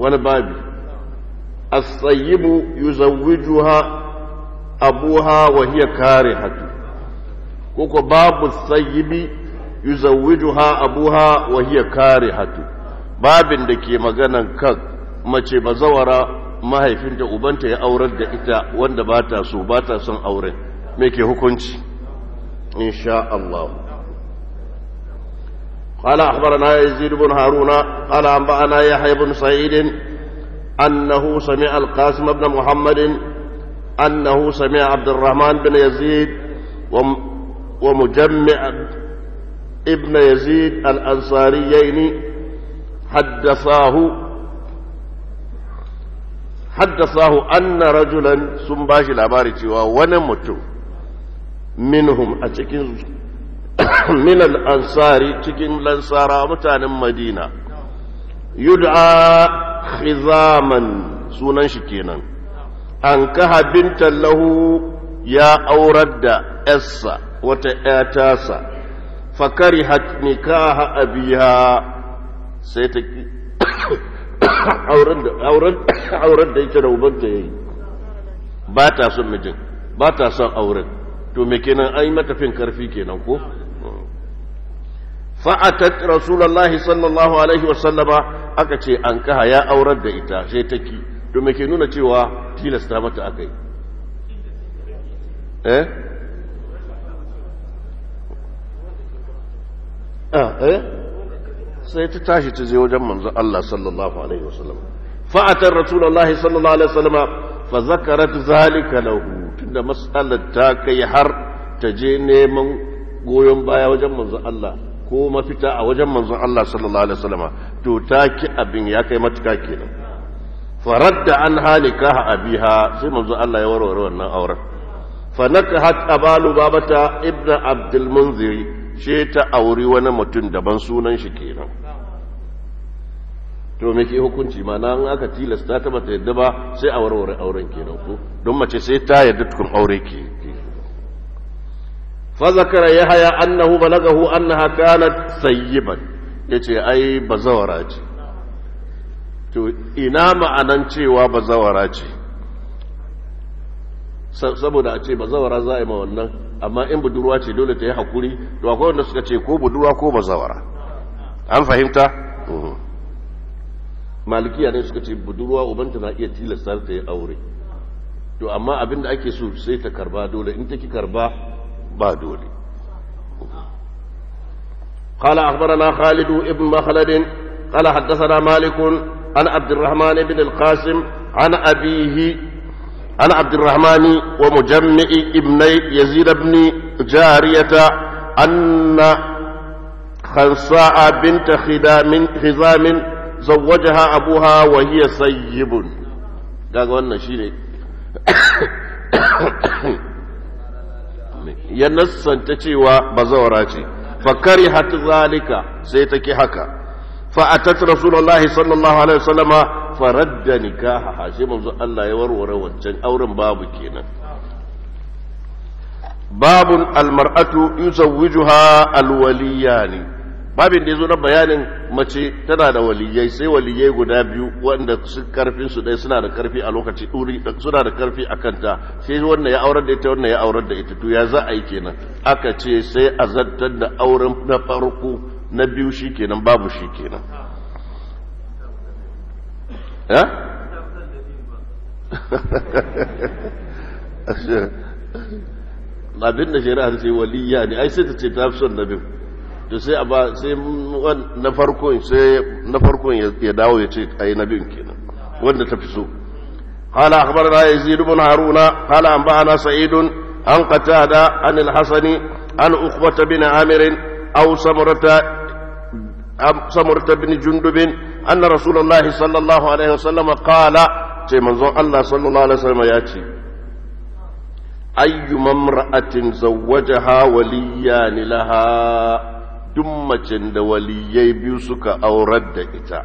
wani babi as-sayyibu abuha wa hiya karihatu koko babu sayyibi yuzawwijuha abuha wa hiya karihatu babin da ke maganan kan mace bazawara mahaifinta ubanta ya aurar da ita wanda ba ta so ba ta son aure me ke hukunci insha Allah قال أخبرنا يزيد بن هارون قال أنبأنا يحيى بن سعيد أنه سمع القاسم بن محمد أنه سمع عبد الرحمن بن يزيد ومجمع ابن يزيد الأنصاريين حدثاه حدثاه أن رجلا سنباش الأباري ونمت منهم أتكين minal ansari cikin lansara mutanen madina yud'a khizaman sunan shi kenan an kaha bintan lahu ya aurar da essa wata 'yatasa, fakari nikaha abiya sai ta ki auren da ya da uban ta yi ba ta son mijin ba ta son auren to me kenan an yi matafin karfi kenan ko fa'atat rasulallah sallallahu alaihi wasallama aka ce an kaha ya aurar da ita sai ta ki domin ke nuna cewa tilasta mata aka yi eh ah, eh sai ta tashi ta zai wajen manzon Allah sallallahu alaihi wasallama fa'atar rasulallah sallallahu alaihi wasallama fa zakarat zalika lahu tunda mas'alar ta kai har ta je neman goyon baya wajen manzo Allah ko mafita a wajen manzon Allah sallallahu alaihi wasallama to ta ki abin ya kai matuka kenan faradda an halika abiha sai manzon Allah ya warware wannan auren fa hat abalu babata ibnu abdul munziri she ta auri wani mutum daban sunan shi kenan to me ke hukunci ma nan aka tilasta ta bata yadda ba sai a warware auren kenan ko don mace sai ta yadda tukun aure ke فذكر يحيى انه annahu انها كانت سيبا sayyiban yace ai bazawara ce to ina ma'anan cewa bazawara ce saboda a ce bazawara za a yi ma wannan amma in budurwa ce dole ta yi hakuri to akwai wanda suka ce ko budurwa ko bazawara an fahimta malikiya ne suka ce budurwa ubanta na iya tilasta ta yi aure to amma abinda ake so sai ta karba dole in ta ki karba بادولي قال أخبرنا خالد ابن مخلد قال حدثنا مالك عن عبد الرحمن بن القاسم عن أبيه عن عبد الرحمن ومجمع ابني يزيد بن جارية أن خنصاء بنت خدام خزام زوجها أبوها وهي سيب قال ya nassanta cewa bazawara ce fakari hatu zalika sai ta ki haka fa'atat rasulullahi sallallahu alaihi wasallama faradda nikaha hashe manzo Allah ya warware wancan auren babu kenan babun almar'atu yuzawwijuha alwaliyani babin da ya zo na bayanin mace tana da waliyai sai waliyai guda biyu wanda su karfin su dai suna da karfi a lokaci duri suna da karfi a kanta sai wannan ya aurar da ita wannan ya aurar da ita to ya za a yi kenan aka ce sai a da auren na farko na biyu shi kenan babu shi kenan ya eh? abin da shari'a ta ce waliyya ne ai sai ta ce ta fi son na biyu da sai a ba sai na farkon sai na farkon ya dawo ya ce ayi na biyun kenan wanda ta fi so. akbar da ya zidu bin haruna hala an ba ana sa'idun an qatada al-hasani bin amir aw samurata am samurata bin jundub anna rasulullah sallallahu alaihi wasallam qala ce manzo allah sallallahu alaihi wasallam ya ce ayyu mamra'atin zawwajaha waliyan laha duk macen da waliyai biyu suka aurar da ita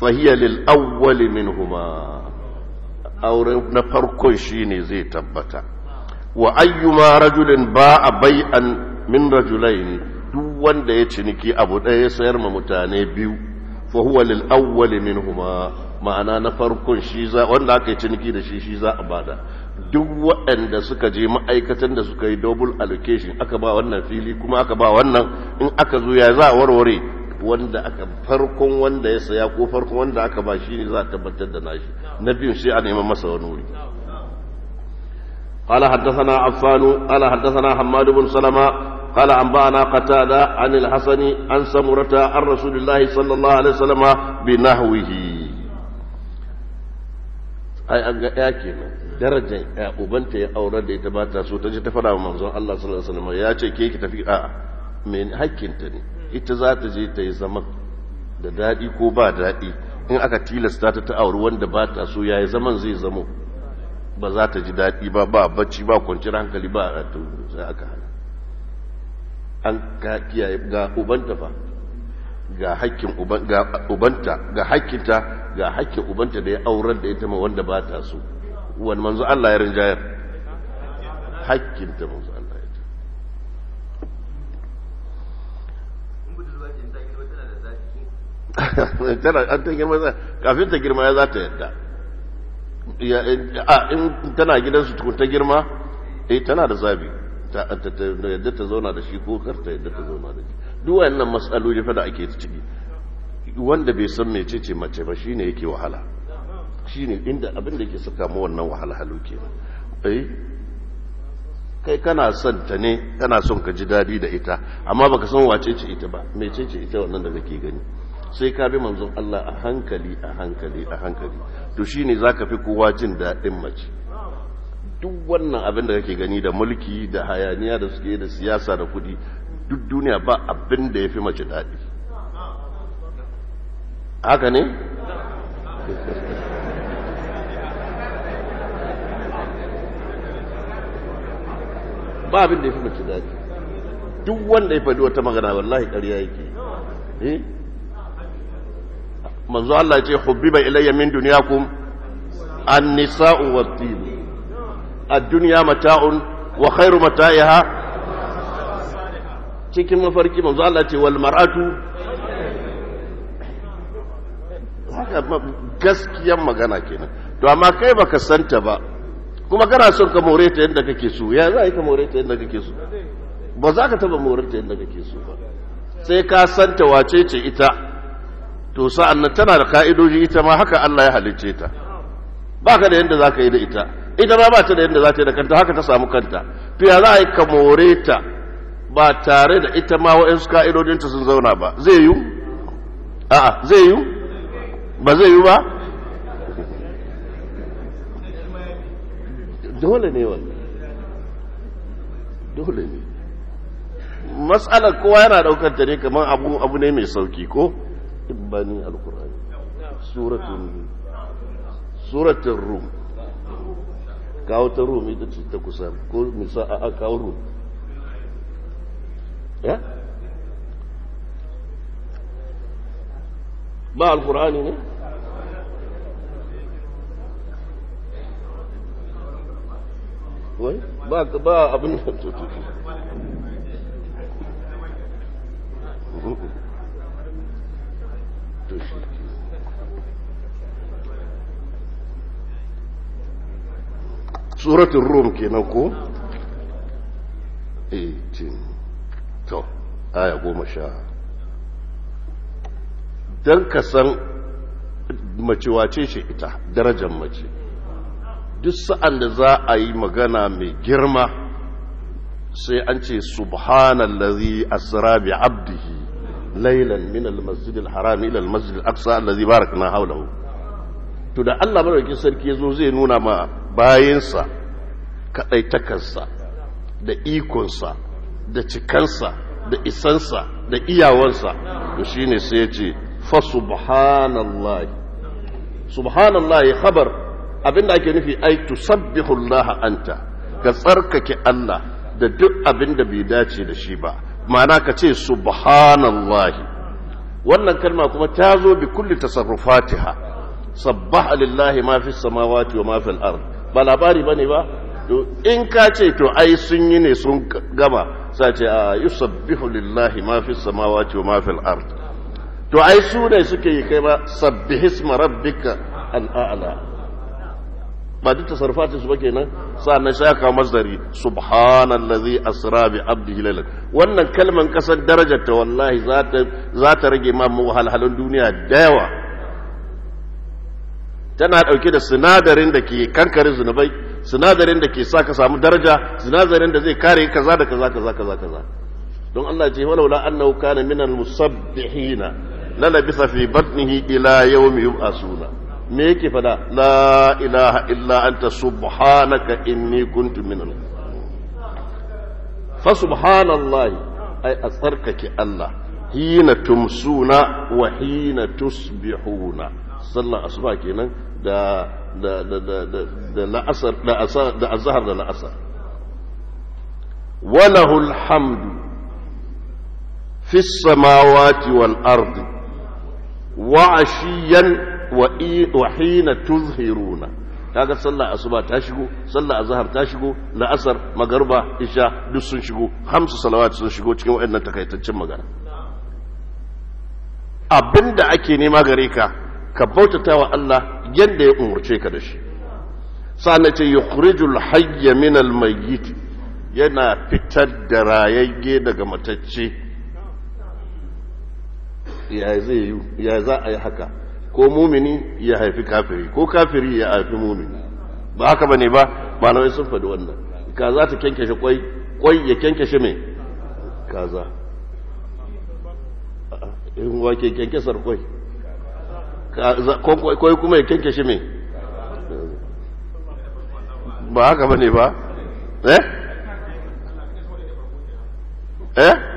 fahiyar lil'awwali min huma aure na farkon shi ne zai tabbata wa ayyuma rajulin ba a bai bai'an min rajulaini duk wanda ya ciniki abu ɗaya sayar ma mutane biyu fahuwa lil'awwali min huma ma'ana na farkon shi za wanda aka yi ciniki da shi shi za a bada duk waɗanda suka je ma'aikatan da suka yi double allocation aka ba wannan fili kuma aka ba wannan in aka zo ya za a warware wanda aka farkon wanda ya saya ko farkon wanda aka ba shi ne za a tabbatar da nashi na biyun sai a neman masa wani wuri قال حدثنا عفان قال حدثنا حماد بن سلمة قال أنبأنا قتادة عن الحسن عن سمرة عن رسول الله صلى الله عليه وسلم بنحوه أي أجا darajar ya ubanta ya aurar da ita ba ta so ta je ta fara wa manzon Allah sallallahu alaihi wasallam ya ce ke ki tafi a'a hakkin ta ne ita za ta je ta yi zaman da daɗi ko ba daɗi in aka tilasta ta ta auri wanda ba ta so yayi zaman zai zamo ba za ta ji daɗi ba ba bacci ba kwanciyar hankali ba a to sai aka hana an ka kiyaye ga ubanta fa ga hakkin ga ubanta ga hakkinta ga hakkin ubanta da ya aurar da ita ma wanda ba ta so wani manzo Allah ya rinjayar hakkinta ta manzo Allah ya ta tana an ta girma kafin ta girma ya za ta yadda in tana gidansu tukun ta girma eh tana da zabi ta yadda ta zauna da shi ko kar ta yadda ta zauna da shi duwa wayannan matsaloli fa da ake ciki wanda bai san mecece mace ba shine yake wahala ne inda abin da ke saka mu wannan wahalhalu kenan eh kai kana son ta ne kana son ka ji dadi da ita amma baka san wace ce ita ba mai ce ita wannan da kake gani sai ka bi manzon Allah a hankali a hankali a hankali to shi ne za ka fi kowa jin daɗin mace duk wannan abin da kake gani da mulki da hayaniya da suke da siyasa da kudi duk duniya ba abin da ya fi mace daɗi haka ne ba abin da ya fi mace daɗi duk wanda ya faɗi wata magana wallahi ƙarya yake eh? manzo Allah ya ce hubbiba ilayya min dunyakum an-nisa'u wat-tib ad-dunya mata'un wa khairu mata'iha cikin mafarki manzo Allah ya ce wal mar'atu gaskiyar magana kenan to amma kai baka santa ba kuma kana son ka more ta yadda kake so ya za yi ka more ta yadda kake so ba za ka taba more ta yadda kake so ba sai ka san ta wace ce ita to sa'an nan tana da ka'idoji ita ma haka Allah ya halicce ta ba ka da yadda za ka yi da ita ita ma ba ta da yadda za ta yi da kanta haka ta samu kanta to ya za a yi ka more ta ba tare da ita ma wa'yansu ka'idojinta sun zauna ba zai yiwu a'a zai yiwu ba zai yiwu ba dole ne wannan dole ne matsalar kowa yana daukar ta ne kamar abu abu ne mai sauki ko ibani alkur'ani suratun suratun rum kawo ta rum ita ce ta kusa ko misa a kawo rum ya eh? ba alkur'ani ne wai ba ka ba abin da to suratun to suratul rum kenan ko 18 to aya goma sha don ka san mace wace shi ita darajar mace duk sa'an da za a yi magana mai girma sai an ce subhanallazi asra bi abdihi laylan min almasjid alharam ila almasjid alaqsa allazi barakna hawlahu to da Allah madaukakin sarki yazo zai nuna ma bayinsa kadaitakansa da ikonsa da cikansa da isansa da iyawansa to shine sai ya ce fa subhanallahi subhanallahi khabar abinda ake nufi ai tusabbihu Allah anta ka tsarkake Allah da duk abinda bai dace da shi ba ma'ana ka ce subhanallah. wannan kalma kuma ta zo bi kulli tasarrufatiha sabbaha lillahi ma fi samawati wa ma fi al-ard ba labari bane ba to in ka ce to ai sun yi ne sun gama sai ce a yusabbihu lillahi ma fi samawati wa ma fi al-ard to ai su ne suke yi kai ba sabbihisma rabbika al-a'la ba duk tasarrufatin su ba kenan sa'annan sai aka masdari subhanallazi asra bi abdihi lailan wannan kalman kasar darajar ta wallahi za ta za ta rage ma halhalun duniya da yawa tana dauke da sinadarin da ke kankarin zunubai sinadarin da ke sa ka samu daraja sinadarin da zai kare kaza da kaza kaza kaza kaza don Allah ce walau walaula annahu kana minal musabbihina la labisa fi batnihi ila yawmi yub'asuna me yake fada la ilaha illa anta subhanaka inni kuntu minal fa subhanallahi ai a tsarkake Allah hina tumsuna wa hina tusbihuna sallar asuba kenan da da da da da la'asar da asar da azhar da la'asar wa lahul hamdu fis samawati wal ardi wa ashiyan wa hina tuzhiruna kaga sallah asuba ta shigo sallah azhar ta shigo la'asar magarba isha duk sun shigo hamsu salawat sun shigo cikin wayannan takaitaccen magana abinda ake nema gare ka ka bautata wa Allah yanda ya umurce ka da shi sannan ce yukhrijul hayya min al mayyit yana fitar da rayayye daga matacce ya zai ya za a yi haka ko mumini ya haifi kafiri ko kafiri ya haifi mumini ba haka bane ba malamai sun faɗi wannan kaza ta kyankyashe kwai kwai ya kyankyashe mai kaza in wake kyankyasar kwai kwai kuma ya kyankyashe mai ba haka bane ba eh eh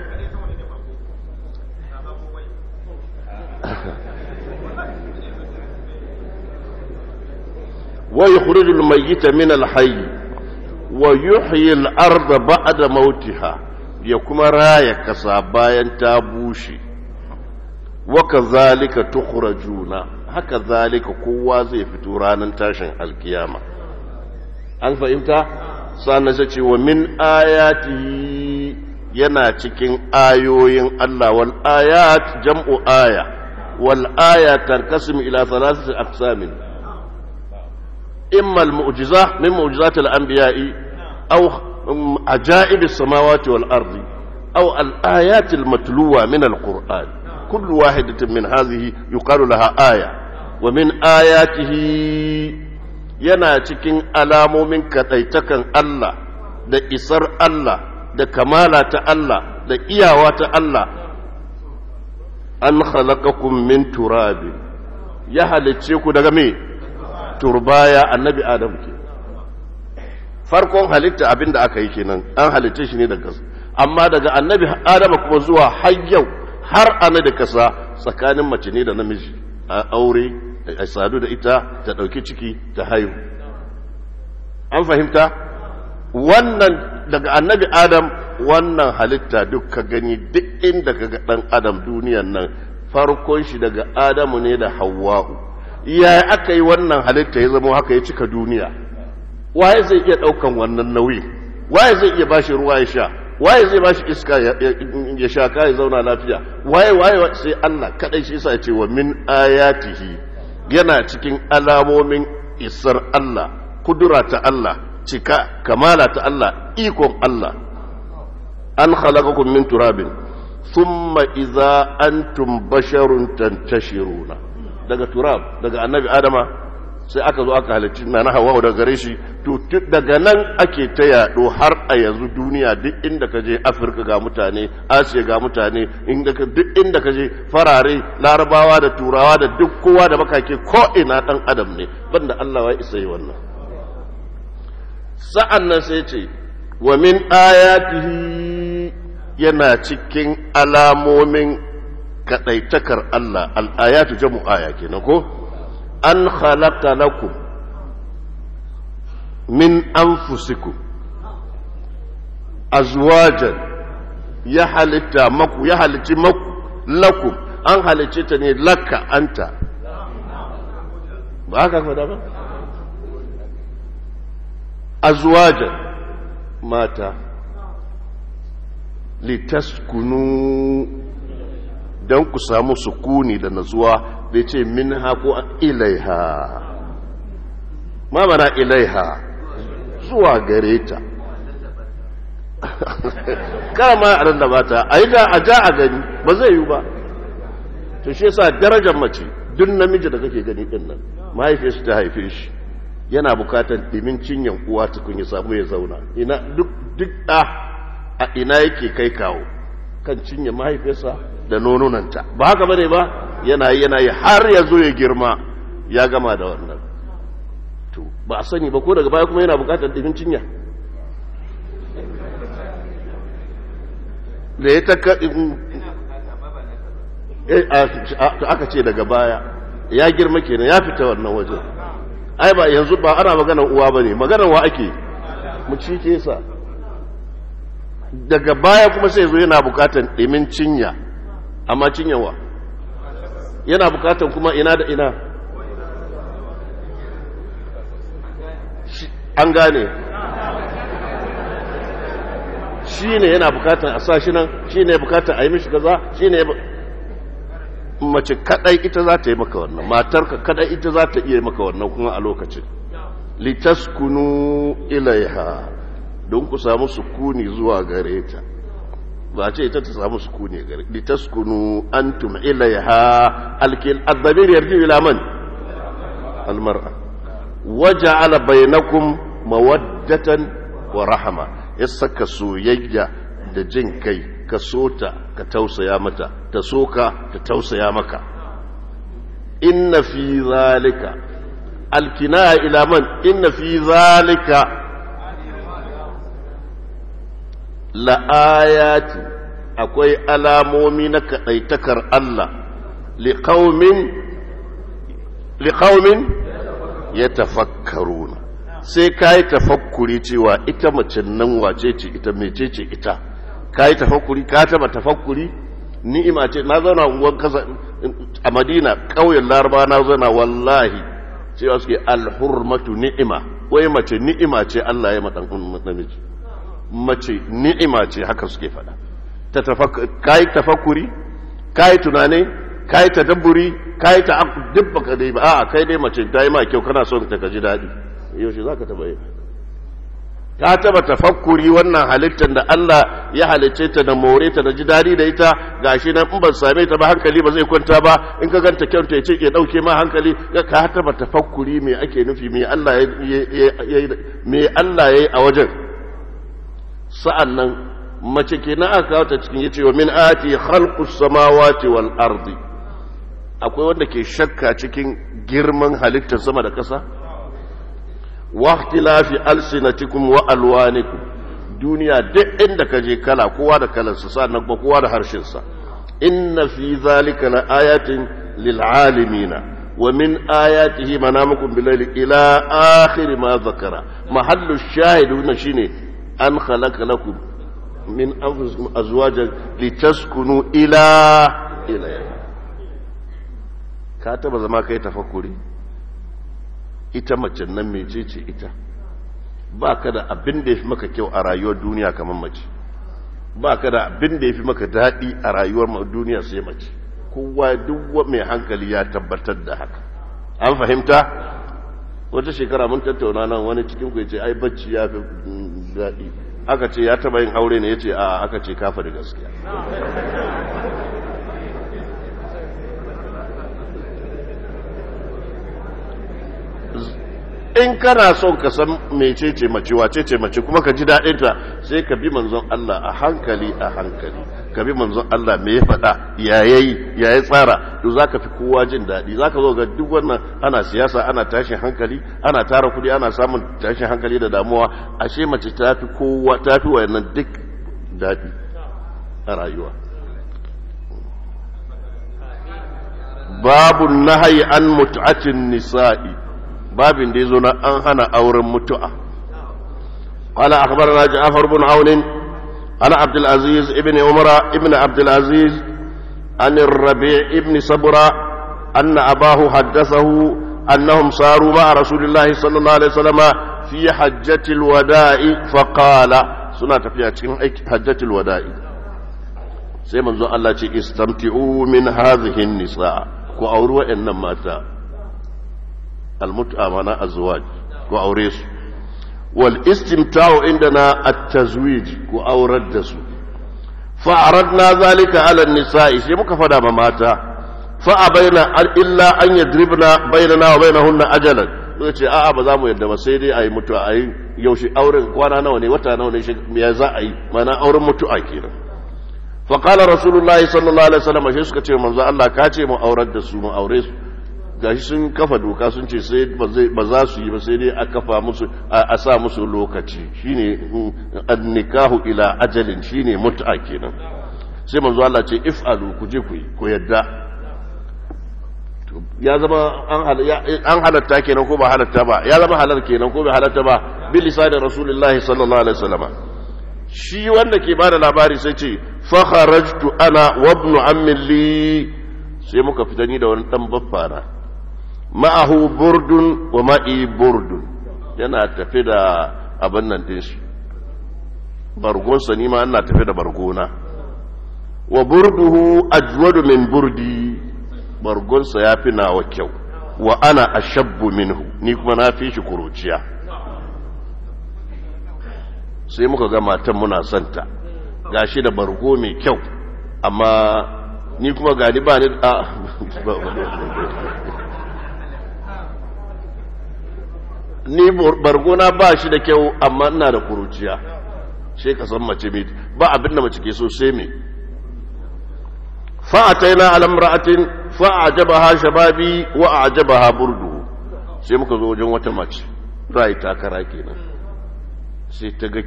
ويخرج الميت من الحي ويحيي الأرض بعد موتها يكما راية كسابايا تابوشي وكذلك تخرجون هكذلك قوة زي فتورانا تاشن القيامة أنفا إمتى سانسة ومن آياته yana cikin ayoyin Allah wal ayat jam'u aya wal aya tarkasim ila thalathati aqsamin imma mu'jiza min mu'jizat al-anbiya'i aw ajaib as-samawati wal ardi aw al-ayat al-matluwa min al-qur'an كل واحدة من هذه يقال لها آية ومن آياته yana cikin alamomin kaɗaitakan Allah da isar Allah da kamala ta Allah da iyawa ta Allah an khalaqakum min turabin ya halicce ku daga me turbaya annabi adam ke farkon halitta abinda aka yi kenan an halitta shi ne daga kasa amma daga annabi adama kuma zuwa har yau har ana da kasa tsakanin mace ne da namiji a aure a sadu da ita ta dauki ciki ta haihu an fahimta wannan daga annabi adam wannan halitta duk ka gani duk inda ka ga ɗan adam duniyan nan farkon shi daga adamu ne da hawa'u ya aka yi wannan halitta ya zama haka ya cika duniya waye zai iya ɗaukan wannan nauyi waye zai iya bashi ruwa ya sha waye zai bashi iska ya shaka ya zauna lafiya waye waye sai Allah kadai shi yasa ce wa min ayatihi yana cikin alamomin isar Allah kudura ta Allah cika kamala ta Allah ikon Allah an khalaqakum min turabin thumma idza antum basharun tantashiruna daga turab daga annabi adama sai aka zo aka halarci na hawa da gare shi to daga nan ake ta yado har a yanzu duniya duk inda ka je afirka ga mutane asiya ga mutane duk inda ka je farare larabawa da turawa da duk kowa da makake ko ina dan adam ne banda allah ya isa yi wannan sa'an nan sai ce wa min ayatihi yana cikin alamomin kadaitakar Allah al'ayatu jamu aya kenan ko an khalaqa lakum min anfusikum azwajan ya halitta maku ya halici maku lakum an halice ta ne laka anta ba haka faɗa ba azwajan mata litaskunu don ku samu sukuni da nazuwa da ce min haku ilaiha ma mana ilaiha zuwa gare ta ma a randa da bata a yi da a ja a gani ba zai yi ba to shi yasa darajar mace duk namiji da kake gani din nan shi ta haife shi yana bukatar dimin cinyan uwa tukun ya samu ya zauna ina duk duk a ina yake kai kawo kan cinye mahaifinsa da nonunanta ba haka bane ba yana yi yana yi har ya zo ya girma ya gama da wannan to ba a sani ba ko daga baya kuma yana bukatar dimin cinya da ya taka eh, aka ce daga baya ya girma kenan ya fita wannan waje ai ba yanzu ba ana maganar uwa ba ne maganar wa ake mu cike sa daga baya kuma sai zo yana bukatar dimin cinya amma cinyewa yana bukatan kuma ina da ina an gane shi ne yana bukatan a sa shi nan shi ne bukatan a yi mishi gaza shi ne mace kadai ita za ta yi maka wannan matarka kadai ita za ta iya maka wannan kuma a lokacin litaskunu ilaiha don ku samu sukuni zuwa gare ta ba ce ita ta samu sukuni gari alkil almar'a mawaddatan wa rahama saka soyayya da jin kai ka sota ka tausaya mata ta ta tausaya maka inna fi zalika alkina inna fi zalika la'ayati akwai alamomi na kaɗaitakar Allah liƙaumin ya tafakkaruna sai ka yi tafakkuri cewa ita macin nan wace ce ita mece ce ita ka yi tafakkuri ka taba tafakkuri ni'ima ce na zauna unguwan kasa a madina ƙauyen laraba na zauna wallahi cewa suke alhurmatu ni'ima wai mace ni'ima ce Allah ya maɗan namiji mace ni'ima ce haka suke faɗa ka yi tafakkuri ka yi kai ka yi tadabburi ka yi ta duk baka dai ba a kai dai mace ta yi ma kyau kana son ta ji daɗi yaushe za ka taɓa yi ka taba tafakkuri wannan halittar da Allah ya halicce ta da more ta da ji dadi da ita gashi nan in ban same ta ba hankali ba zai kwanta ba in ka ganta kyauta ya ce ke dauke ma hankali ka taba tafakkuri me ake nufi me Allah ya me Allah yayi a wajen sa'an nan mace ke na aka wata cikin cikin yace wa min ati khalqus samawati wal ardi akwai wanda ke shakka cikin girman halittar sama da ƙasa wakti lafi alsinatikum wa alwanikum duniya duk inda ka je kala kowa da kalarsa sa'an ba kowa da harshensa inna fi zalika na ayatin lil alimina min ayatihi منامكم bilal ila akhir ma zakara mahallu shahidu na shine. an khalaqa lakum min anfusikum azwajan litaskunu ila ilayha ka taba zama kai tafakkuri ita mace nan ce ita ba ka da abin da ya maka kyau a rayuwar duniya kamar mace ba ka da abin da ya maka daɗi a rayuwar duniya sai mace kowa duk mai hankali ya tabbatar da haka an fahimta wata shekara mun tattauna nan wani cikin ku ya ce ai bacci ya fi daɗi aka ce ya taba yin aure ne ya ce a aka ce kafa da gaskiya in kana son ka san ce mace ce mace kuma ka ji daɗin ta sai ka bi manzon Allah a hankali a hankali ka bi manzon Allah me ya faɗa yayayi yayi tsara to zaka fi kowa jin daɗi zaka zo ga duk wannan ana siyasa ana tashin hankali ana tara kuɗi ana samun tashin hankali da damuwa ashe mace ta fi kowa ta fi wannan duk daɗi a rayuwa babu nahayi an mut'atin nisa'i babin da na an hana auren mutu'a ƙwala akabar na ji afar bin haunin ana abdulaziz ibn umara ibn abdulaziz an rabi ibn sabura an na abahu haddasahu annahum saru ma a rasulullahi sallallahu alaihi wasallama fi hajjatil wada'i faqala suna tafiya cikin hajjatil wada'i sai manzo Allah ce istamti'u min hadhihi nisa ku auri wa'annan mata almut'a ah, mana azwaj ko aure su wal istimta'u indana at-tazwij ku aurar da su fa aradna zalika ala nisa'i sai muka fada ma mata fa abaina illa an yadribna bainana wa bainahunna ajalan sai ce a'a ba za mu yadda ba sai dai ayi mutu'a ayi yaushe auren kwana nawa ne wata nawa ne shi ya za a yi mana auren mutu'a kenan فقال Fa الله صلى الله عليه وسلم shi suka ce manzo Allah ka ce mu aurar da su mu aure su gashi sun kafa doka sun ce sai ba za su yi ba sai dai a kafa musu a sa musu lokaci shine hmm, annikahu ila ajalin shine mut'a kenan sai manzo Allah ce if'alu ku je ku ku yadda ya zama an halatta kenan ko ba halatta ba ya zama halar kenan ko ba halatta ba bil lisanin rasulullahi sallallahu alaihi wasallam shi wanda ke bada labari sai ce fa kharajtu ana wa ibn ammi li sai muka fitani ni da wani dan baffara ma'ahu burdun wa ma'i burdun yana tafi da abin nan din bargonsa ni ma ina tafi da bargona wa burduhu ajwadu min burdi bargonsa ya fi nawa kyau wa ana ashabbu minhu ni kuma na fi shi kuruciya sai muka ga matan muna santa gashi da bargo mai kyau amma ni kuma gani ba ni a ni barguna ba shi da kyau amma ina da kuruciya shi ka san mace mai ba abinda mace ke so sai me fa'ataina al'amra'atin fa'ajabaha shababi wa ajabaha burdu sai muka zo wajen wata mace rai takara kenan sai ta ga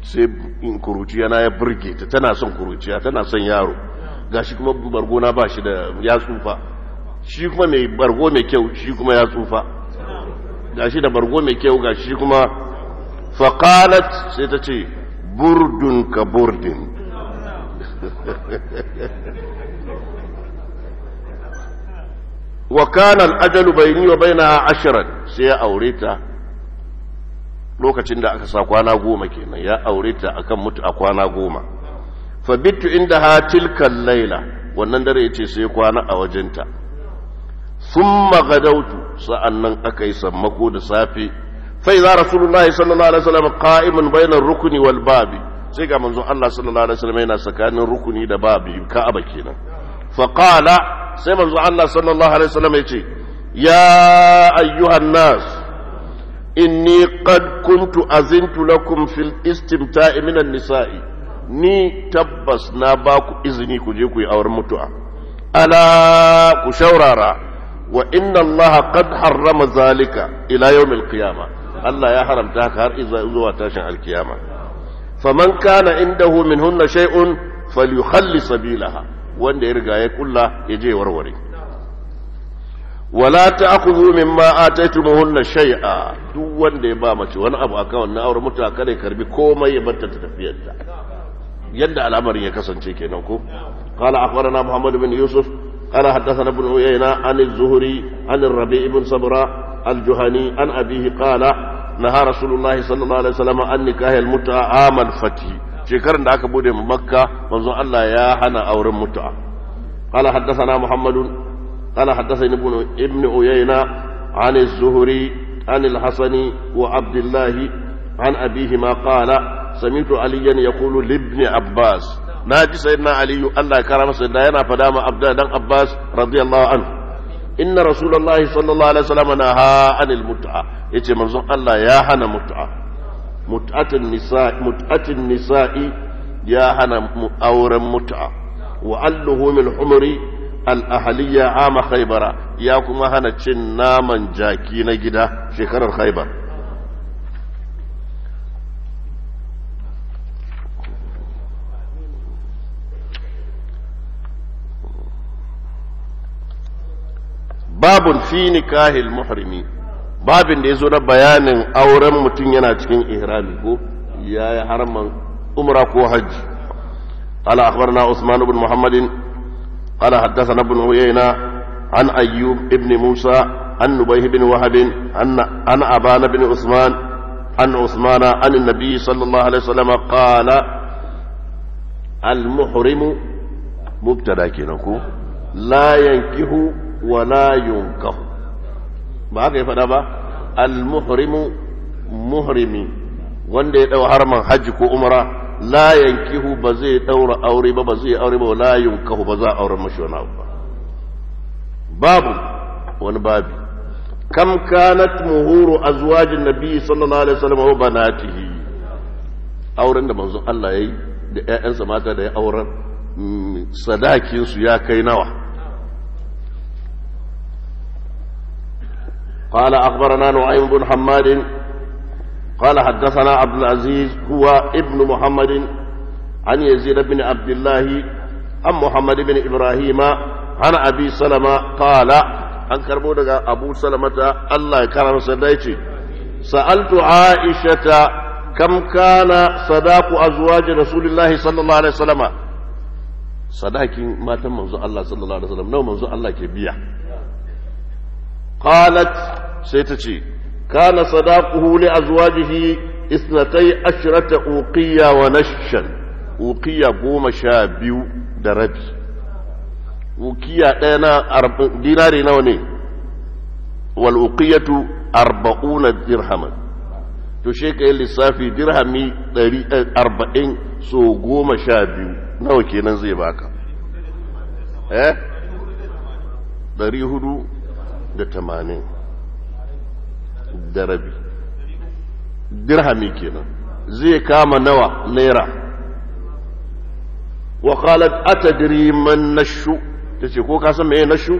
sai in kuruciya na ya burge ta tana son kuruciya tana son yaro gashi kuma barguna ba shi da ya tsufa shi kuma mai bargo mai kyau shi kuma ya tsufa gashi da bargo mai kyau gashi kuma faqalat sai ta ce burdun ka burdin wa kana al-ajalu bayni wa bainaha ashran sai ya aure ta lokacin da aka sa kwana goma kenan ya aure ta akan mutu a kwana goma fa bitu inda ha tilka laila wannan dare yace sai kwana a wajenta thumma gadautu sa'annan aka yi sammako da safe fa idza rasulullahi sallallahu alaihi wasallam qa'imun bayna rukuni wal babi sai ga manzon Allah sallallahu alaihi wasallam yana tsakanin rukuni da babi ka'aba kenan fa qala sai manzon Allah sallallahu alaihi wasallam yace ya ayyuhan nas inni qad kuntu azintu lakum fil istimta'i minan nisa'i ni tabbas na ba ku izini ku je ku yi auren mutu'a ala ku shaurara wa inna allaha qad harrama zalika ila yawmil qiyama Allah ya haramta haka har zuwa tashin alkiyama faman kana indahu minhunna shay'un falyukhalli sabilaha wanda ya riga ya kulla ya je warware wala ta'khudhu mimma ataytumuhunna shay'a duk wanda ya ba mace wani abu akan wannan aure mutu kada ya karbi komai ya barta ta tafiyarta yadda al'amarin ya kasance kenan ko qala akhbarana muhammad bin yusuf قال حدثنا ابن عيينة عن الزهري عن الربيع بن صبرة الجهني عن أبيه قال نهى رسول الله صلى الله عليه وسلم عن نكاح المتعة عام الفتح شكرا دعك بودي مكة منظر الله يا حنا أور المتعة قال حدثنا محمد قال حدثني ابن ابن عيينة عن الزهري عن الحسن وعبد الله عن أبيهما قال سمعت عليا يقول لابن عباس na ji sayyidina aliyu Allah ya kara masa da yana fada ma abdullahi dan abbas radiyallahu anhu inna rasulullahi sallallahu alaihi wasallam naha anil mut'a yace manzon Allah ya hana mut'a mut'atun nisa'i mut'atun nisa'i ya hana auren mut'a wa alluhu min humri al ahliya ama khaybara ya kuma hana cin naman jaki na gida shekarar khaybar babun fi kahil muhrimi babin da ya zo na bayanin auren mutum yana cikin ihrami ko ya yi haraman umra ko hajji ala akbar na usman ibn muhammadin ala haddasa na an ibn musa an ibn an abana usman an usmana an nabi sallallahu alaihi wasallam qala al muhrimu mubtada la yankihu wala yunkahu ba haka ya faɗa ba al-muhrimu muhrimi wanda ya dau harman hajji ko umara la yankihu ba zai ɗaura aure ba ba zai aure ba wala yunkahu ba za a aure mashi wani ba babu wani babu kam kanat muhuru azwajin nabi sallallahu alaihi wasallam wa banatihi auren da manzon Allah yayi da ƴaƴansa mata da ya auren mm, sadakin su ya kai nawa قال أخبرنا نعيم بن حماد قال حدثنا عبد العزيز هو ابن محمد عن يزيد بن عبد الله عن محمد بن إبراهيم عن أبي سلمة قال أن كربونا أبو سلمة الله كرم سديتي سألت عائشة كم كان صداق أزواج رسول الله صلى الله عليه وسلم صداقي ما تم منذ الله صلى الله عليه وسلم نو منذ الله كبيع qalat sai ta ce kana sadaquhu li azwajihi isnatai ashrata uqiya wa nashshan uqiya goma sha biyu da rabi uqiya ɗaya na dinari nawa ne wal uqiyatu arba'una dirhaman to she ka yi lissafi dirhami arba'in so goma sha biyu nawa kenan zai baka eh ɗari hudu da tamanin da rabi dirhami kenan zai kama nawa naira wa qalat atadri man nashu tace ko ka san meye nashu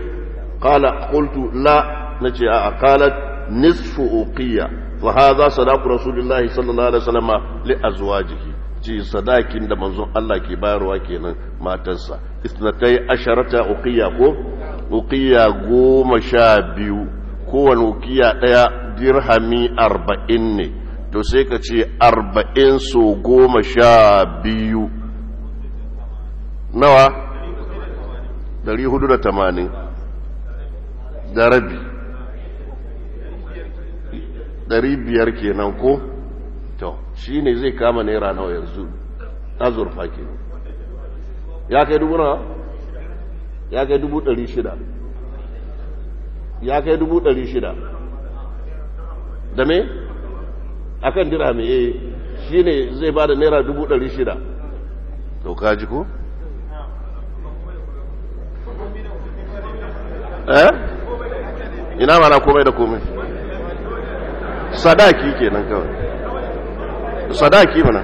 qala qultu la nace a qalat nisfu uqiya wa hadha sadaqu rasulillahi sallallahu alaihi wasallam li azwajihi ci sadakin da manzon Allah ke bayarwa kenan matansa isnatai asharata uqiya ko ukiya goma sha biyu kowane ukiya ɗaya dirhami arba'in ne to sai ka ce arba'in so goma sha biyu nawa dari hudu da tamanin da rabi dari biyar kenan ko to shi ne zai kama naira nawa yanzu azurfa kenan ya kai dubu nawa ya kai dubu ɗari shida ya kai dubu ɗari shida da me a kan mai eh shi ne zai ba da naira dubu ɗari shida to ji ko? eh ina mana komai da komai sadaki kenan kawai sadaki mana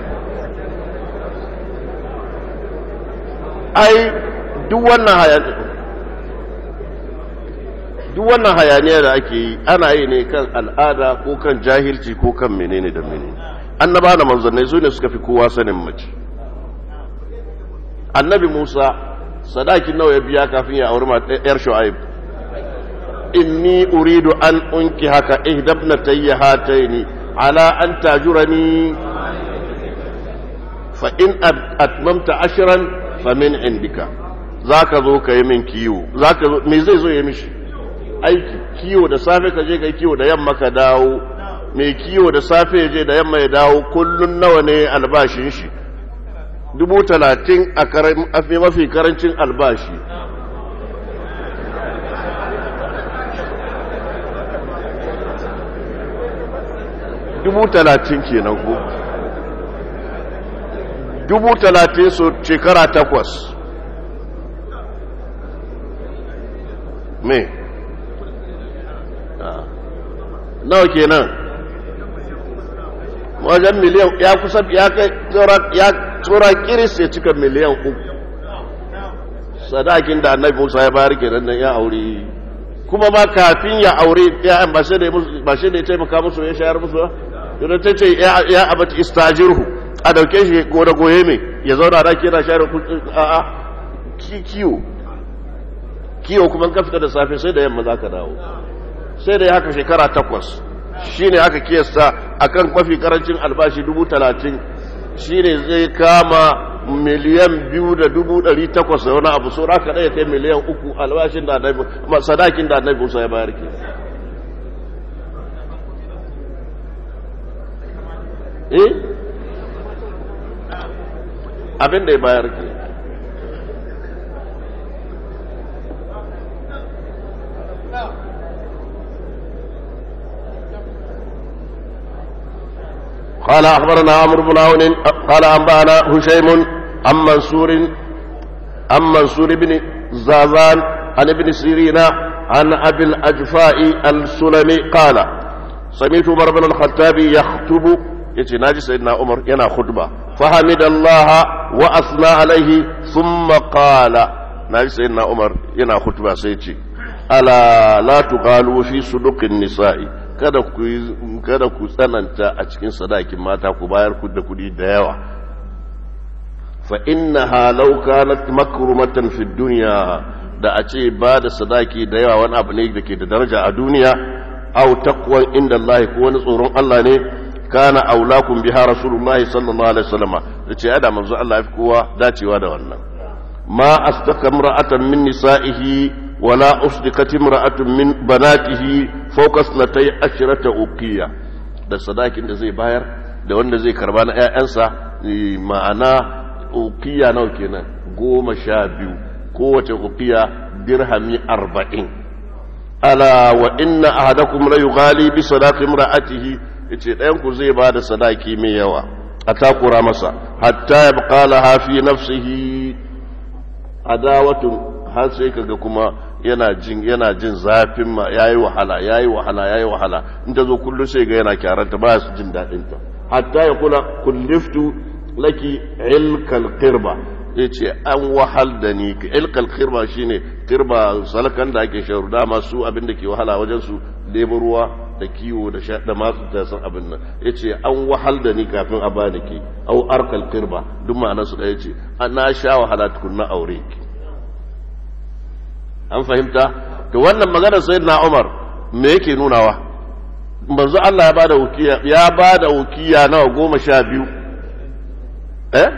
ai duk wannan hayaniya da ake yi ana yi ne kan al'ada ko kan jahilci ko kan menene da menene annaba na manzannai su ne suka fi kowa sanin mace annabi musa sadakin nawa ya biya kafin ya auri yar shu'aib inni uridu an unki haka ihdabna tayya ni. ala an tajurani fa in atmamta ashran fa min indika za ka zo ka yi min kiwo me zai zo ya mishi aiki kiwo da safe ka je ka yi kiwo da yamma ka dawo mai kiwo da safe ya je da yamma ya dawo kullum nawa ne albashin shi dubu talatin a mafi karancin albashi dubu talatin kenan ko dubu talatin su shekara takwas me ah. nawa kenan wajen miliyan ya kusa ya kai tsora kiris ya cika miliyan uku sadakin da annabi musa ya bayar kenan nan ya aure kuma ma kafin ya aure ya'yan ba shi ne taimaka musu ya shayar musu ba yadda ta ce ya abata istajirhu a dauke shi gona goye mai ya zauna da kira shayar a'a kiwo kiyo kuma ka fita da safe sai da yamma za ka dawo sai da haka shekara takwas shi ne haka kiyasta a kan kwafi karancin albashi dubu talatin shi ne zai kama miliyan biyu da dubu dari takwas da wani abu saura ka ɗaya kai miliyan uku albashin da na biyu sadakin da na biyu musa ya bayar ke eh abin da ya bayar ke قال أخبرنا عمرو بن عون قال أنبأنا هشيم عن منصور عن منصور بن زازان عن ابن سيرين عن أبي الأجفاء السلمي قال سمعت عمر بن الخطاب يخطب ناجي سيدنا عمر ينا خطبة فحمد الله وأثنى عليه ثم قال ناجي سيدنا عمر ينا خطبة سيدي ألا لا تقالوا في صدق النساء kada ku tsananta a cikin sadakin mata ku bayar ku da kuɗi da yawa fa innaha law na makarumatan fi duniya da a ce ba da sadaki da yawa wani abu ne da ke da daraja a duniya au takwan inda Allah ko wani tsoron Allah ne kana aulakum biha rasulullahi sallallahu alaihi wasallam yace ada manzo Allah fi kowa dacewa da wannan ma astakam ra'atan min nisa'ihi wala usdiqat imra'atun min banatihi na focus ashira ta ukiya da sadakin da zai bayar da wanda zai karba na 'ya'yansa e, ma'ana ukiya nawa kenan goma sha biyu kowace ukiya dirhami arba'in ala wa inna kuma rayu gali bi sadakin imra'atihi ya ɗayan ku zai ba da sadaki mai yawa a takura masa hatta ya bukala hafi nafsihi adawatun har sai kaga kuma yana jin yana jin zafin ma yayi wahala yayi wahala yayi wahala in ta zo kullu sai ga yana kyaranta ba su jin dadin ta hatta ya kula kulliftu laki ilkal qirba yace an wahal da ni ilkal qirba shine qirba salakan da ake sharu da masu abin da ke wahala wajen su lebo ruwa da kiwo da sha da masu da san abin nan yace an wahal da ni kafin a bani ki au arkal qirba duk ma'anar su da yace na sha wahala tukunna aure ki an fahimta to wannan maganar na Umar me yake nunawa manzo Allah ya bada wukiya ya bada wukiya nawa goma sha biyu eh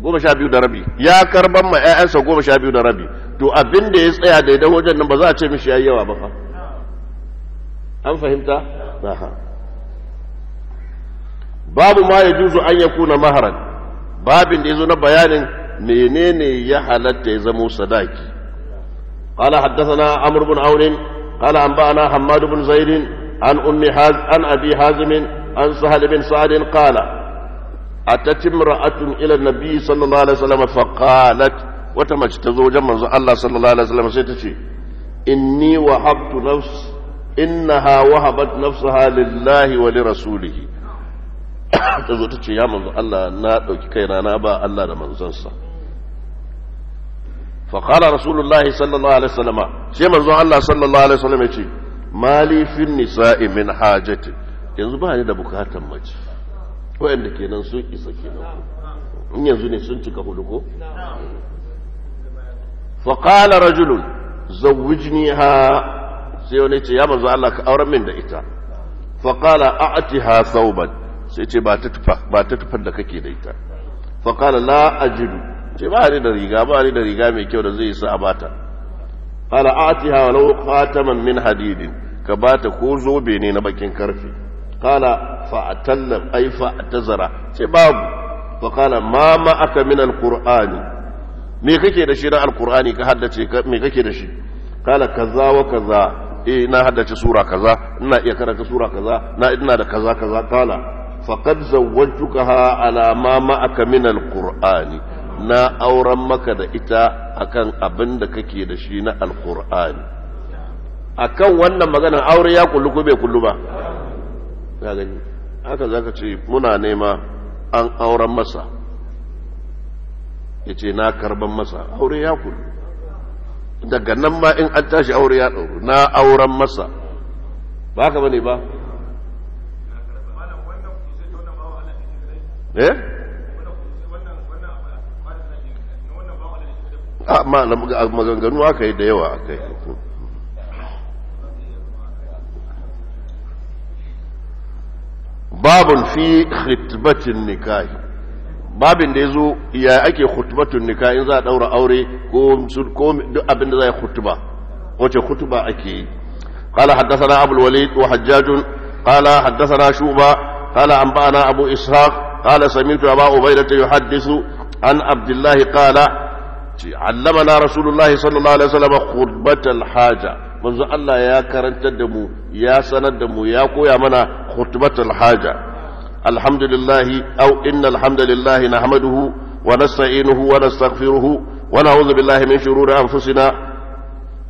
goma sha biyu da rabi ya karban ma ƴaƴansa goma sha biyu da rabi to abin da ya tsaya idan wajen nan ba za a ce mishi yayi yawa ba fa an fahimta babu ma ya juzu an ya kuna maharan babin da ya zo na bayanin menene ya halatta ya zamo sadaki قال حدثنا عمرو بن عون قال أنبأنا حماد بن زيد عن أم حاز عن أبي حازم عن سهل بن سعد قال أتت امرأة إلى النبي صلى الله عليه وسلم فقالت وتمشت تزوج من الله صلى الله عليه وسلم سيتشي إني وهبت نفس إنها وهبت نفسها لله ولرسوله تزوج تشي يا من الله نا دوكي كينا نا با الله لمنزنسا فقال رسول الله صلى الله عليه وسلم شيء منزو الله صلى الله عليه وسلم يجي مالي في النساء من yanzu ba ni da bukatan mace wa'anda kenan sun isa kenan in yanzu ne sun cika hudu ko fa qala rajulun zawwijniha sai wani ce ya manzo Allah ka auren min da ita fa qala a'tiha thawban sai ce ba ta tufa ba ta tufar da kake da ita fa qala la ajidu ce ba ni da riga ba ni da riga mai kyau da zai sa a bata qala atiha walau khataman min hadidin ka bata ko zobe ne na bakin karfe qala fa'atallam ay atazara ce babu fa qala ma ma aka min alqur'ani me kake da shi na alqur'ani ka haddace me kake da shi Kala kaza wa kaza eh na haddace sura kaza ina iya karanta sura kaza na ina da kaza kaza qala faqad zawwajtukaha ala ma ma aka min alqur'ani na auren maka da ita akan abin da kake da shi na alkur'ani akan wannan maganar aure ya kullu ko bai kullu ba ga gani haka zaka ce muna nema an auren masa yace na karban masa aure ya kullu daga nan ma in an tashi aure ya dauro na auren masa ba ka bane ba eh Ah, amma na buga maganganu aka yi da yawa aka yi babin fi khutbatin nikahi babin da ya zo ya ake khutbatin nikahi za a daura aure ko duk abinda za a yi khutba wace khutba ake yi kala haddasa na abulwalid wa hajjajun kala haddasa na shuba kala an ba na abu ishaq kala samintu abu ba'u bai da ta yi haddisu an abdullahi kala ce allamana rasulullahi sallallahu alaihi wasallam khutbatal haja manzo Allah ya karantar da mu ya sanar da mu ya koya mana khutbatal haja alhamdulillahi aw innal hamdalillahi nahmaduhu wa nasta'inuhu wa nastaghfiruhu wa na'udhu billahi min shururi anfusina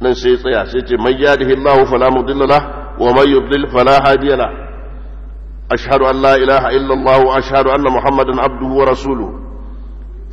nan sai tsaya sai ce man yahdihillahu fala mudilla lah wa man yudlil fala hadiya lah ashhadu an la ilaha illa allah wa ashhadu anna muhammadan abduhu wa rasuluhu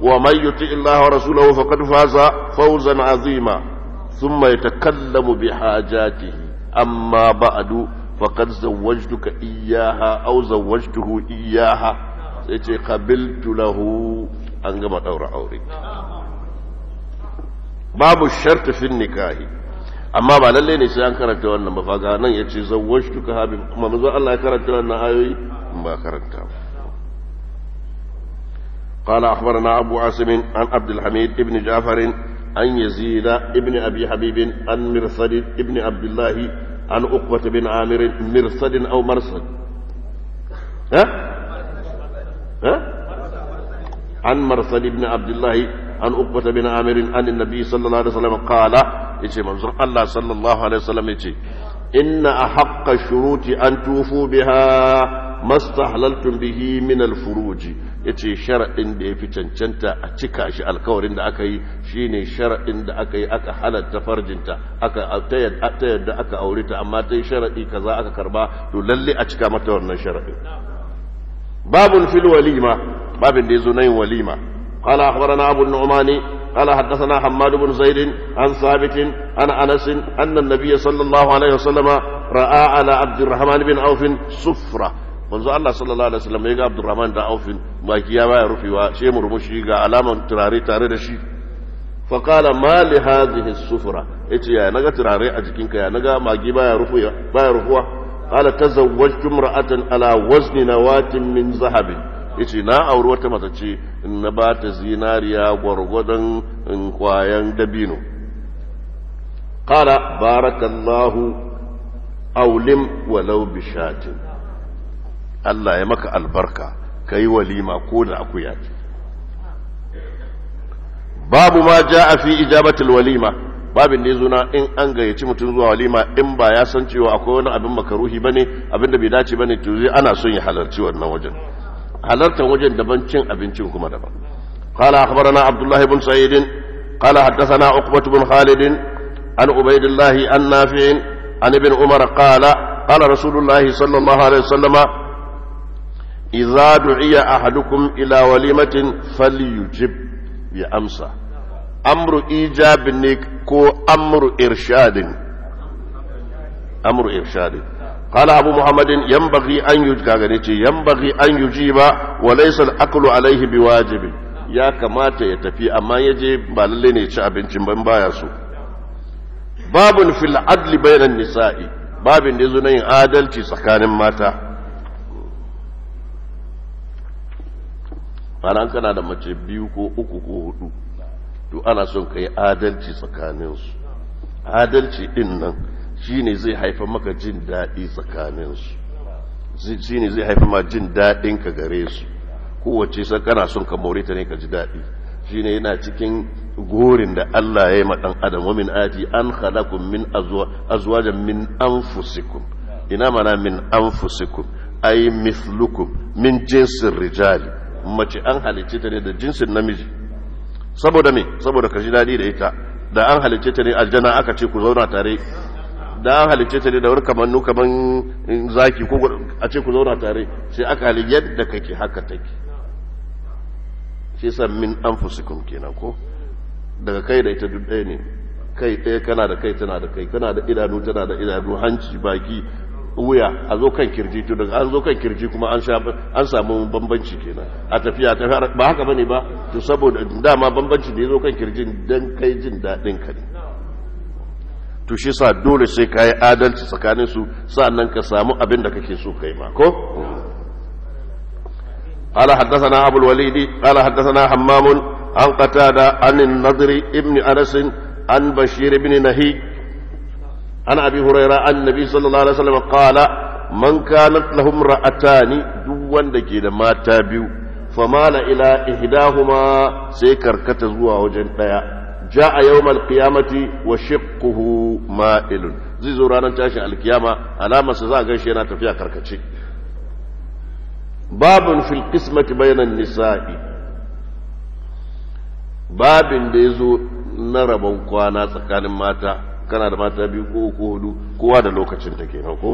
ومن يطع الله ورسوله فقد فاز فوزا عظيما ثم يتكلم بحاجاته اما بعد فقد زوجتك اياها او زوجته اياها سيتي قبلت له ان أنقم دور اوري باب الشرط في النكاح amma ba lalle ne sai an karanta wannan ba faga nan yace zawwajtuka habib kuma manzo Allah ya karanta wannan ayoyi ba karanta ba قال أخبرنا أبو عاصم عن عبد الحميد بن جعفر عن يزيد بن أبي حبيب عن مرصد بن عبد الله عن عقبة بن عامر مرصد أو مرصد ها؟ ها؟ عن مرصد بن عبد الله عن عقبة بن عامر عن النبي صلى الله عليه وسلم قال يجي الله صلى الله عليه وسلم إن أحق الشروط أن توفوا بها mastahlaltum bihi min yace shar'in da yafi cancanta a cika shi alkawarin da aka yi shine shar'in da aka yi aka halatta farjinta aka ta da aka aure ta amma ta shar'i kaza aka karba to lalle a cika mata wannan shar'i babun fil walima babin da yazo nayin walima qala akhbarana abu nu'mani قال حدثنا حماد بن زيد عن ثابت عن انس ان النبي صلى الله عليه وسلم راى على عبد الرحمن بن عوف manzo Allah sallallahu alaihi wasallam ya ga Abdurrahman da Auf baki ya baya rufewa she murmushi ga alaman turare tare da shi fa qala ma li hadhihi sufra yace ya naga turare a jikinka ya naga magi baya rufuwa baya rufuwa qala tazawwajtu imra'atan ala wazni nawatin min zahabin yace na auri wata mace in na ba ta zinariya gwargwadon kwayan dabino qala barakallahu aulim walau bishatin Allah ya maka albarka ka yi walima ko da akuya ce babu ma ja a fi ijabatul walima babin da ya zuna in an gayyaci mutum zuwa walima in ba ya san cewa akwai wani abin makaruhi bane abin da bai dace ba bane to ana son ya halarci wannan wajen halartar wajen daban cin abincin kuma daban Kala Akhbarana عبد الله بن سعيد قال حدثنا عقبة بن خالد عن an الله an نافع عن ابن عمر قال قال iza du'iya ahadukum ila walimatin falyujib ya amsa amru ijabin ne ko amru irshadin amru irshadin قال ابو محمد ينبغي ان يجاغ ينبغي ان يجيب وليس الاكل عليه بواجب يا كما يتفي اما ba بالله ne ci abincin ban baya su باب في العدل بين النساء باب ne zo na yin adalci tsakanin mata ana kana da mace biyu ko uku ko hudu to ana son ka yi adalci tsakaninsu adalci din nan shi ne zai haifa maka jin daɗi tsakaninsu shi ne zai haifa ma jin daɗin ka gare su kowace sai kana son ka more ta ne ka ji daɗi shi ne yana cikin gorin da Allah ya yi ma dan adam wa min ati an halakun min azwajan min anfusikum ina mana min anfusikum ai mithlukum min jinsin rijali mace an halicce ta ne da jinsin namiji saboda me saboda ka ji daɗi da ita da an halicce ta ne aljana aka ce ku zauna tare da an halicce ta ne da wani kamannu kaman zaki ko a ce ku zauna tare sai aka halicce yadda kake haka take shi san min anfusikum kenan ko daga kai da ita duk ɗaya ne kai ɗaya kana da kai tana da kai kana da idanu tana da idanu hanci baki wuya a zo kan kirji to daga an zo kan kirji kuma an an samu bambanci kenan a tafiya ta ba haka bane ba to saboda dama bambanci da ya zo kan kirjin dan kai jin dadin ka ne to shi sa dole sai ka yi adalci tsakanin su sannan ka samu abin da kake so kai ma ko ala حدثنا abul walidi ala حدثنا حمام an qatada anin nadri ابن أنس an bashir بن نهيك Ana abi huraira annabi sallallahu alaihi wasallam qala man kanat lahum ra'atani duk wanda ke da mata biyu famala ila ihdahuma sai karkata zuwa wajen daya ja'a yawmal qiyamati wa shiqquhu ma'ilun zai zo ranar tashin alkiyama alamarsa za a gan shi yana tafiya karkace babin fil qismati bainan nisa'i babin da ya zo na rabon kwana tsakanin mata kana da mata biyu ko uku hudu kowa da lokacin ta kenan ko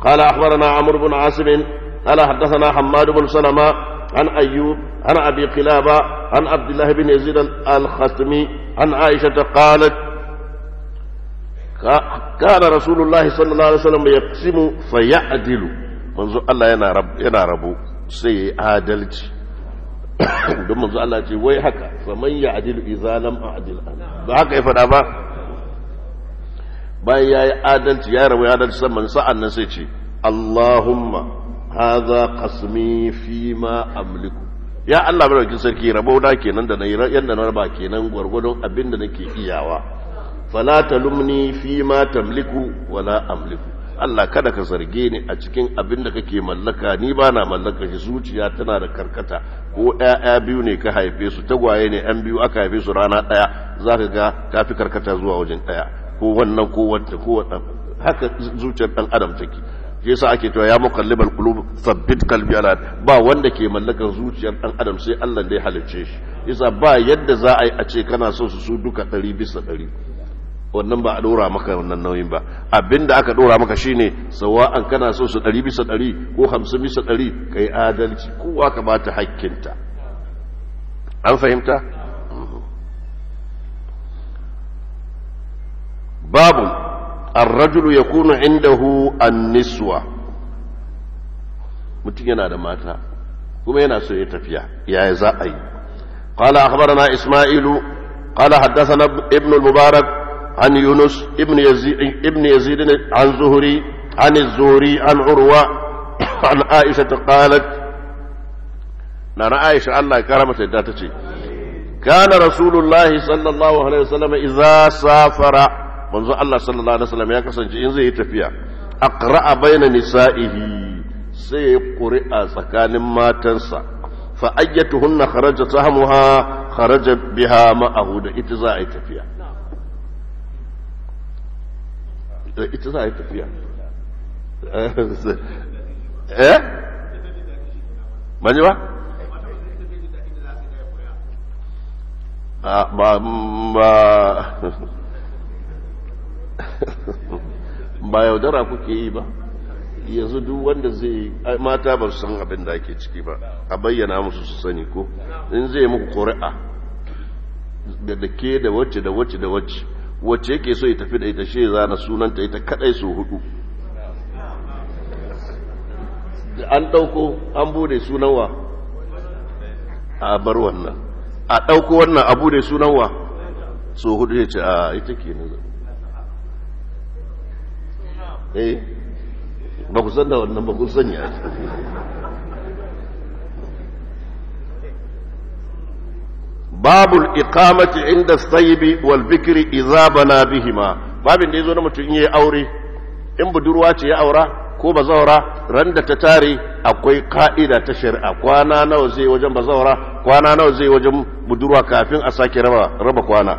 قال أخبرنا عمرو بن عاصم قال حدثنا حماد بن سلمة عن أيوب عن أبي قلابة عن عبد الله بن يزيد الخاتمي عن عائشة قالت كان رسول الله صلى الله عليه وسلم يقسم فيعدل منذ الله ينا رب ينا رب سي عدلت don manzo Allah ce wai haka faman ya adilu idza lam a'dil ba haka ya fada ba bayan ya yi adalci ya rabu adalci saman sa'an nan sai ce Allahumma haza qasmi fi ma amliku ya Allah madaukakin sarki rabo na kenan da nayi yanda na raba kenan gwargwadon abin da nake iyawa fala talumni fi ma tamliku wala amliku Allah kada ka zarge ni a cikin abin da kake mallaka ni ba na mallaka shi zuciya tana da karkata ko ƴaƴa biyu ne ka haife su tagwaye ne an biyu aka haife su rana ɗaya zaka ga ka fi karkata zuwa wajen ɗaya ko wannan ko wanda ko wata haka zuciyar dan adam take shi yasa ake cewa ya muqallibal qulub sabbit qalbi ala ba wanda ke mallakar zuciyar dan adam sai Allah ne ya halicce shi yasa ba yadda za a yi a ce kana so su su duka 100 bisa 100 wannan ba a dora maka wannan nauyin ba abinda aka dora maka shine sawa'an kana so su 100 bisa 100 ko 50 bisa 100 kai adalci kowa ka bata hakkinta an fahimta babu arrajulu ya kuna inda hu mutum yana da mata kuma yana so ya tafiya ya za za'a yi ƙala na ismailu ƙala haddasa na ibn mubarak an yunus ibn yazid an Zuhri, an Zuhri, an urwa an aisha ta ƙalat na aisha allah ya da ta ce كان رسول الله صلى manzo Allah sallallahu alaihi wasallam ya kasance in zai yi tafiya aqra'a baina nisa'ihi sai ya qur'a tsakanin matansa fa ayyatuhunna kharaja tahmuha kharaja biha ma'ahu da ita za a yi tafiya da ita za a yi tafiya eh ah, ba ba ba yaudara kuke yi ba yanzu duk wanda zai mata ba su san abin da ake ciki ba a bayyana musu su sani ko in zai muku ƙuri'a da da ke da wacce da wacce da wacce wacce yake so ya tafi da ita shi zana sunanta ita kadai su hudu an ɗauko an bude sunanwa? a bar wannan a ɗauko wannan a bude sunanwa? Su so hudu ya ce a ita ke nazari eh ba ku san da wannan ba ku sani a babul iqamati inda sayibi wal bikri idza bana bihima babin da yazo na mutum yayi aure in budurwa ce ya aura ko zaura, ran da ta tare akwai ka'ida ta shari'a kwana nawa zai wajen zaura? kwana nawa zai wajen budurwa kafin a sake raba raba kwana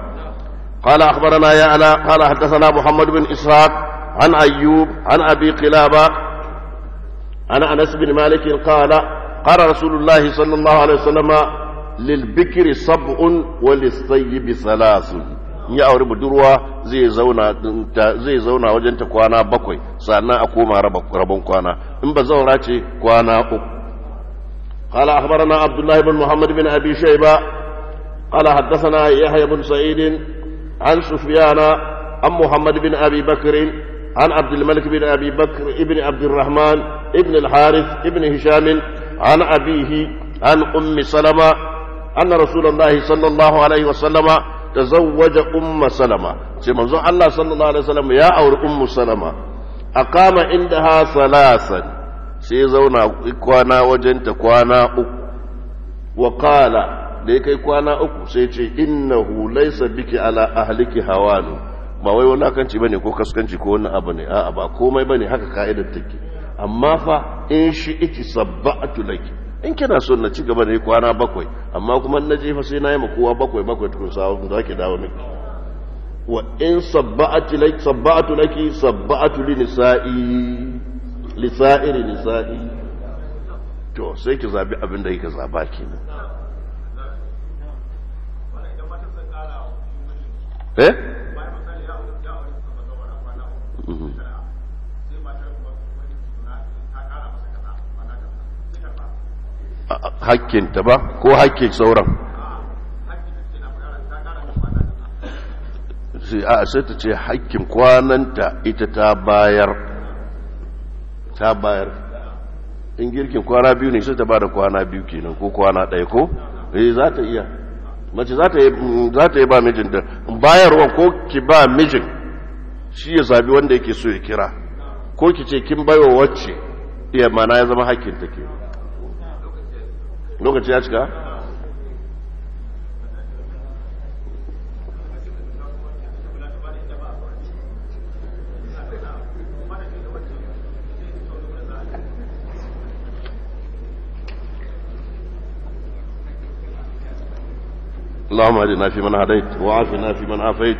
قال أخبرنا يا ألا قال حدثنا محمد بن إسحاق عن أيوب عن أبي قلابة عن أنس بن مالك قال قال رسول الله صلى الله عليه وسلم للبكر صبء وللسيب ثلاث يا auri دروا زي زونا زي زونا wajenta كوانا بكوي سانا أقوم koma كوانا kwana in كوانا zaura قال أخبرنا عبد الله بن محمد بن أبي شيبة قال حدثنا يحيى بن سعيد عن سفيان عن محمد بن أبي بكر عن عبد الملك بن أبي بكر ابن عبد الرحمن ابن الحارث ابن هشام عن أبيه عن أم سلمة أن رسول الله صلى الله عليه وسلم تزوج أم سلمة منظور الله صلى الله عليه وسلم يا أور أم سلمة أقام عندها ثلاثا سيزونا إكوانا وجنت كوانا أكو وقال ليكي كوانا أكو سيتي إنه ليس بك على أهلك هوان ba wai wani akanci bane ko kaskanci ko wani abu ne a'a ba komai bane haka ka'idar take amma fa in shi iki sabba'atu laki in kina so na ci gaba da kwana bakwai amma kuma na jefa sai na yi kowa bakwai bakwai tukun sawa da ki dawo miki wa in sabba'atu laki sabba'atu laki sabba'atu li nisa'i li sa'iri nisa'i to sai ki zabi abin da kika zaba kenan eh Mm-hmm. hakkinta ba ko hakkin sauran a sai ta ce hakkin kwananta ita ta bayar ta bayar in girkin kwana biyu ne sai ta da kwana biyu kenan ko kwana ɗaya ko eh za ta iya mace za ta yi ba mijin da bayarwa ko ki ba mijin shi ya zabi wanda yake so ya kira ko ki ce kin baiwa wacce iya mana ya zama hakkin ta ke lokaci ya cika اللهم اهدنا من هديت وعافنا من عافيت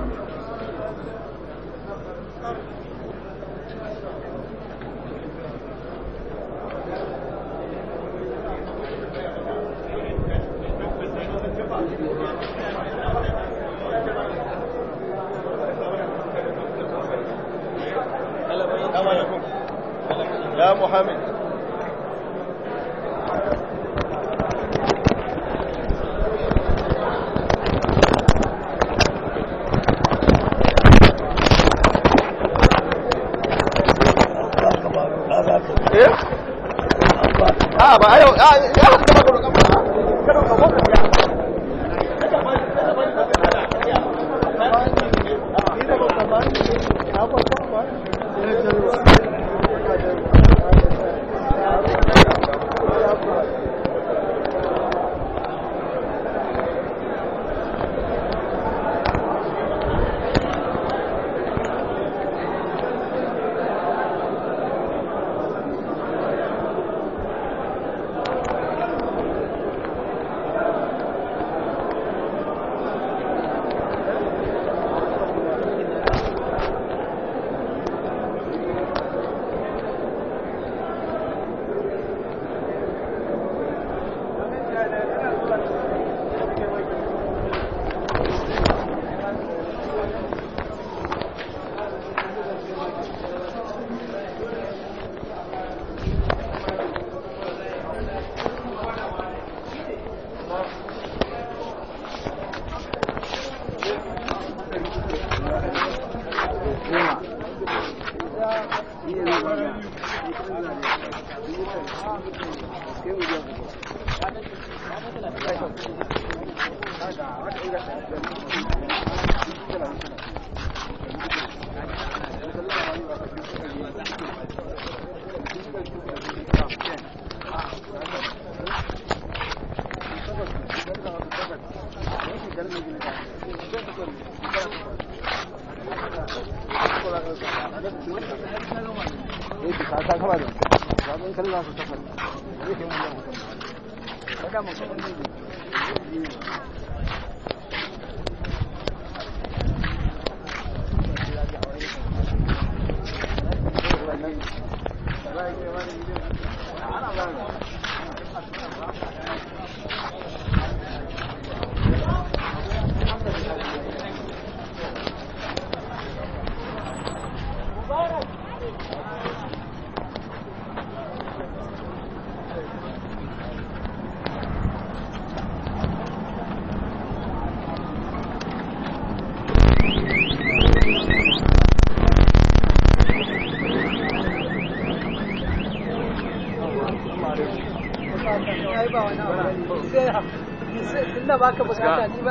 对吧？